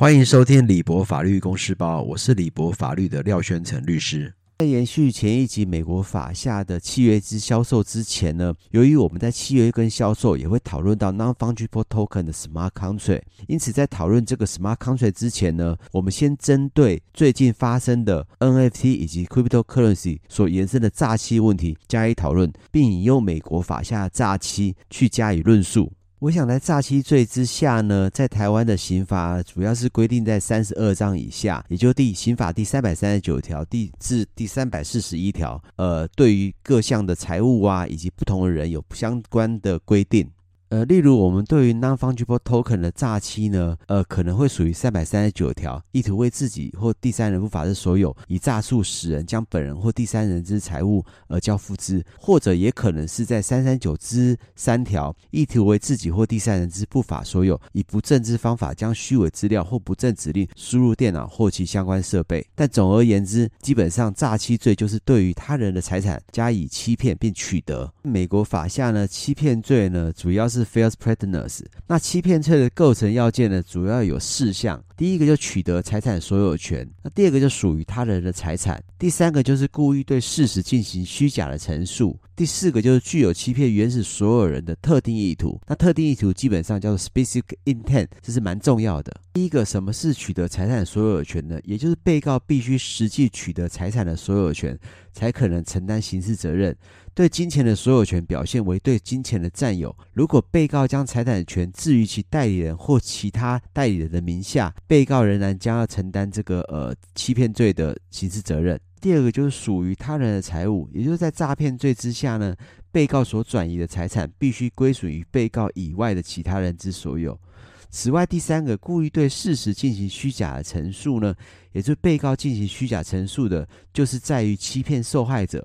歡迎收聽李博法律公司包，我是李博法律的廖宣成律師。在延續前一集美國法下的契約之銷售之前呢，由於我們在契約跟銷售也會討論到 non fungible token 的 smart contract，因此在討論這個 smart contract 之前呢，我們先針對最近發生的 NFT 以及 cryptocurrency 所延伸的詐欺問題加以討論，並引用美國法下的詐欺去加以論述。我想在詐欺罪之下呢，在台灣的刑法主要是規定在三十二章以下，也就第刑法第三百三十九條、第至第三百四十一條，呃，對於各項的財物啊，以及不同的人有不相關的規定。呃，例如我們對於 non fungible token 的詐欺呢，呃，可能會屬於三百三十九條，意圖為自己或第三人不法之所有，以詐術使人將本人或第三人之財物而，呃、交付之，或者也可能是在三三九之三條，意圖為自己或第三人之不法所有，以不正之方法將虛偽資料或不正指令輸入電腦或其相關設備。但總而言之，基本上詐欺罪就是對於他人的財產加以欺騙並取得。美國法下呢，欺騙罪呢，主要是。是 false pretenses。那欺騙罪的構成要件呢，主要有四項。第一個就取得財產所有權，那第二個就屬於他人的財產，第三個就是故意對事實進行虛假的陳述，第四個就是具有欺騙原始所有人的特定意圖。那特定意圖基本上叫做 specific intent，這是蠻重要的。第一個，什麼是取得財產所有權呢？也就是被告必須實際取得財產的所有權，才可能承擔刑事責任。對金錢的所有權表現為對金錢的佔有。如果被告將財產權置於其代理人或其他代理人的名下，被告仍然將要承擔這個呃欺騙罪的刑事責任。第二個就是屬於他人的財物，也就是在詐騙罪之下呢，被告所轉移的財產必須歸屬於被告以外的其他人之所有。此外，第三個故意對事實進行虛假的陳述呢，也就是被告進行虛假陳述的，就是在於欺騙受害者。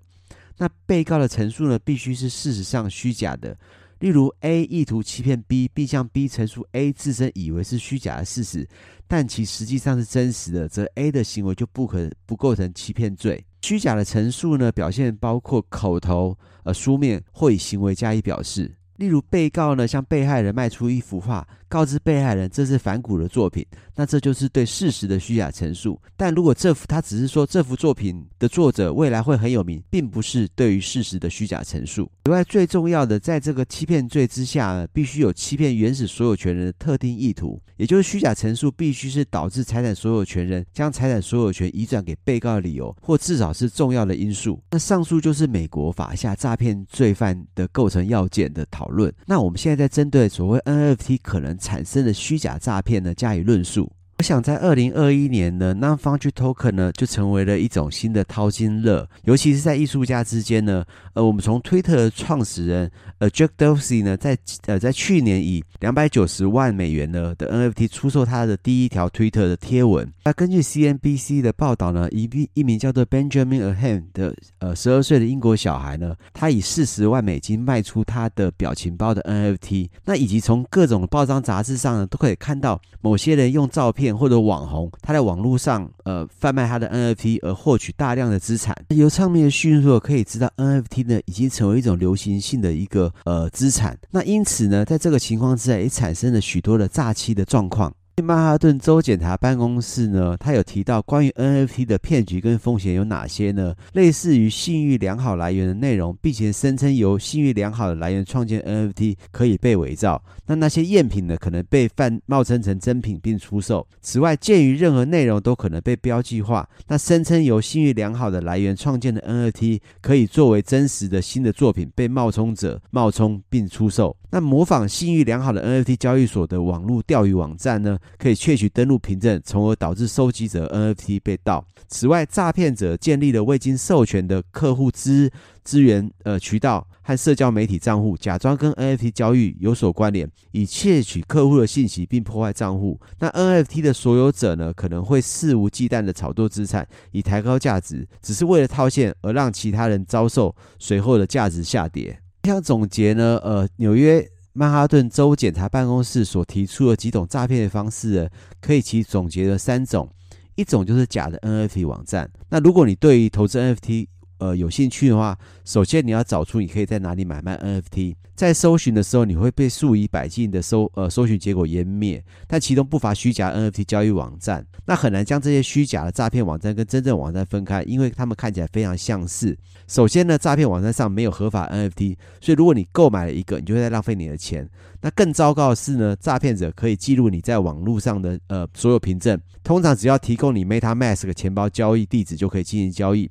那被告的陳述呢，必須是事實上虛假的。例如，A 意圖欺騙 B 並向 B 陳述 A 自身以為是虛假的事實，但其實際上是真實的，則 A 的行為就不可不構成欺騙罪。虛假的陳述呢，表現包括口頭、呃書面或以行為加以表示。例如，被告呢向被害人賣出一幅畫。告知被害人這是梵谷的作品，那這就是對事實的虛假陳述。但如果這幅他只是說這幅作品的作者未來會很有名，並不是對於事實的虛假陳述。另外最重要的，在這個欺騙罪之下，必須有欺騙原始所有權人的特定意圖，也就是虛假陳述必須是導致財產所有權人將財產所有權移轉給被告的理由，或至少是重要的因素。那上述就是美國法下詐騙罪犯的構成要件的討論。那我們現在在針對所謂 NFT 可能。產生的虛假詐騙呢，加以論述。我想在二零二一年呢，Non-fungible token 呢就成為了一種新的淘金熱，尤其是在藝術家之間呢。呃，我們從推特的創始人呃 Jack Dorsey 呢，在呃在去年以兩百九十萬美元呢的的 NFT 出售他的第一條推特的貼文。那根據 CNBC 的報道呢，一一名叫做 Benjamin Ahem 的呃十二歲的英國小孩呢，他以四十萬美金賣出他的表情包的 NFT。那以及從各種報章雜誌上呢，都可以看到某些人用照片。或者網紅，他在網絡上呃販賣他的 NFT 而獲取大量的資產。由上面的敘述可以知道，NFT 呢已經成為一種流行性的一個呃資產。那因此呢，在這個情況之下也產生了許多的詐欺的狀況。在曼哈頓州檢察辦公室呢，他有提到關於 NFT 的騙局跟風險有哪些呢？類似於信譽良好來源的內容，並且聲稱由信譽良好的來源創建 NFT 可以被偽造。那那些贋品呢，可能被冒冒充成真品並出售。此外，鑑於任何內容都可能被標記化，那聲稱由信譽良好的來源創建的 NFT 可以作為真實的新的作品被冒充者冒充並出售。那模仿信譽良好的 NFT 交易所的網絡釣魚網站呢，可以竊取登錄憑證，從而導致收集者 NFT 被盜。此外，詐騙者建立了未經授權的客戶資資源呃渠道和社交媒體賬戶，假裝跟 NFT 交易有所關聯，以竊取客戶的信息並破壞賬戶。那 NFT 的所有者呢，可能會肆無忌憚的炒作資產，以抬高價值，只是為了套現而讓其他人遭受隨後的價值下跌。想總結呢，呃，紐約。曼哈頓州檢察辦公室所提出的幾種詐騙的方式，可以其總結了三種，一種就是假的 NFT 網站。那如果你對於投資 NFT，呃，有興趣的話，首先你要找出你可以在哪裡買賣 NFT。在搜尋的時候，你會被數以百計的搜呃搜尋結果淹滅，但其中不乏虛假 NFT 交易網站。那很難將這些虛假的詐騙網站跟真正網站分開，因為他們看起來非常相似。首先呢，詐騙網站上沒有合法 NFT，所以如果你購買了一個，你就會在浪費你的錢。那更糟糕的是呢，詐騙者可以記錄你在網絡上的呃所有憑證，通常只要提供你 MetaMask 錢包交易地址就可以進行交易。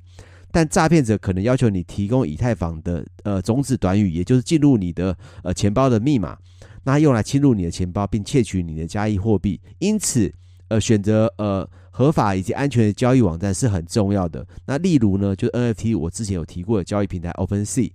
但詐騙者可能要求你提供以太坊的呃種子短語，也就是進入你的呃錢包的密碼，那用來侵入你的錢包並竊取你的加密貨幣。因此，呃，選擇呃合法以及安全的交易網站是很重要的。那例如呢，就 NFT，我之前有提過的交易平台 OpenSea。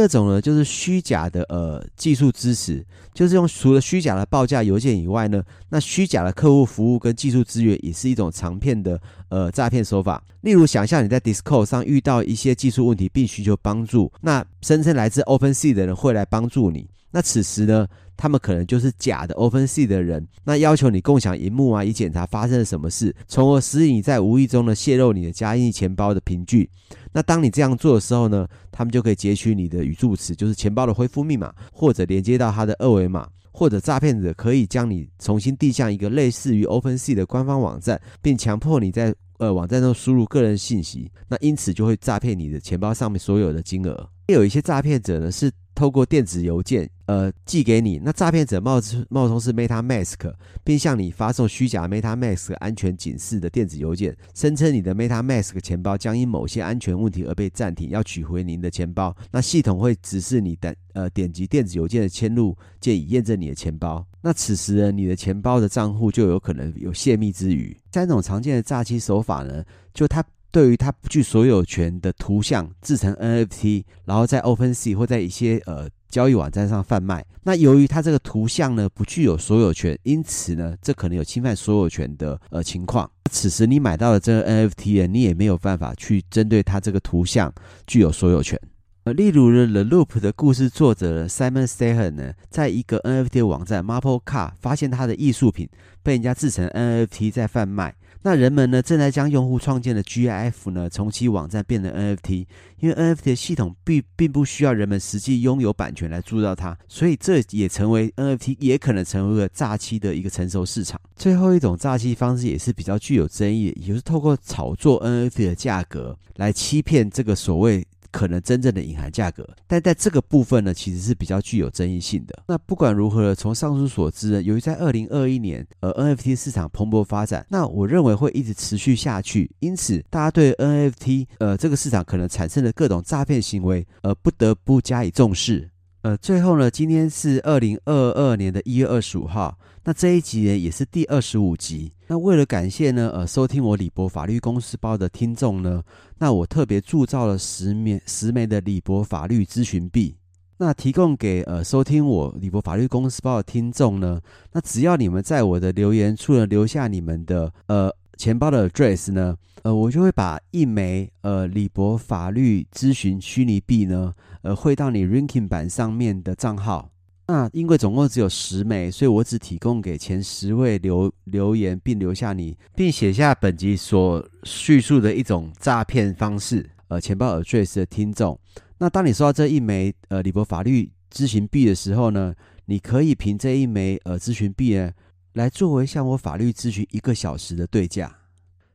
這種呢，就是虛假的呃技術支持，就是用除了虛假的報價郵件以外呢，那虛假的客戶服務跟技術資源也是一種常見的呃詐騙手法。例如，想象你在 Discord 上遇到一些技術問題，並尋求幫助，那聲稱來自 OpenSea 的人會來幫助你。那此時呢，他們可能就是假的 OpenSea 的人，那要求你共享螢幕啊，以檢查發生了什麼事，從而使你在無意中的泄露你的加密錢包的憑據。那當你這樣做的時候呢，他們就可以截取你的語助詞，就是錢包的恢復密碼，或者連接到他的二維碼，或者詐騙者可以將你重新遞向一個類似於 OpenSea 的官方網站，並強迫你在呃網站中輸入個人信息。那因此就會詐騙你的錢包上面所有的金額。也有一些詐騙者呢是。透過電子郵件，呃，寄給你。那詐騙者冒充冒充是 MetaMask，並向你發送虛假 MetaMask 安全警示的電子郵件，聲稱你的 MetaMask 錢包將因某些安全問題而被暫停，要取回您的錢包。那系統會指示你的呃，點擊電子郵件的簽入鍵以驗證你的錢包。那此時呢，你的錢包的賬戶就有可能有泄密之虞。三種常見的詐欺手法呢，就它。對於他不具所有權的圖像制成 NFT，然後在 OpenSea 或在一些呃交易網站上販賣。那由於他這個圖像呢不具有所有權，因此呢這可能有侵犯所有權的呃情況。此時你買到了這個 NFT 你也沒有辦法去針對他這個圖像具有所有權。呃、例如呢 The Loop 的故事作者 Simon Stålenhag 呢，在一個 NFT 網站 Marble Card 發現他的藝術品被人家制成 NFT 在販賣。那人們呢正在將用戶創建的 GIF 呢從其網站變成 NFT，因為 NFT 的系統並並不需要人們實際擁有版權來鑄造它，所以這也成為 NFT 也可能成為了詐欺的一個成熟市場。最後一種詐欺方式也是比較具有爭議的，也就是透過炒作 NFT 的價格來欺騙這個所謂。可能真正的隱含價格，但在這個部分呢，其實是比較具有爭議性的。那不管如何，從上述所知，由於在二零二一年，呃，NFT 市場蓬勃發展，那我認為會一直持續下去。因此，大家對 NFT，呃，這個市場可能產生的各種詐騙行為，而，呃，不得不加以重視。呃，最後呢，今天是二零二二年的一月二十五號，那這一集呢也是第二十五集。那為了感謝呢，呃，收聽我李博法律公司包的聽眾呢，那我特別鑄造了十枚十枚的李博法律諮詢幣，那提供給呃收聽我李博法律公司包的聽眾呢，那只要你們在我的留言處呢留下你們的呃。錢包的 address 呢，呃，我就會把一枚呃李博法律諮詢虛擬幣呢，呃匯到你 ranking 版上面的賬號。那、啊、因為總共只有十枚，所以我只提供給前十位留留言，並留下你，並寫下本集所敘述的一種詐騙方式。呃，錢包 address 的聽眾，那當你收到這一枚呃李博法律諮詢幣的時候呢，你可以憑這一枚呃諮詢幣呢，來作為向我法律諮詢一個小時的對價，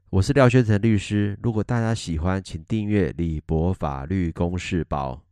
我是廖宣成律師。如果大家喜歡，請訂閱李博法律公事包。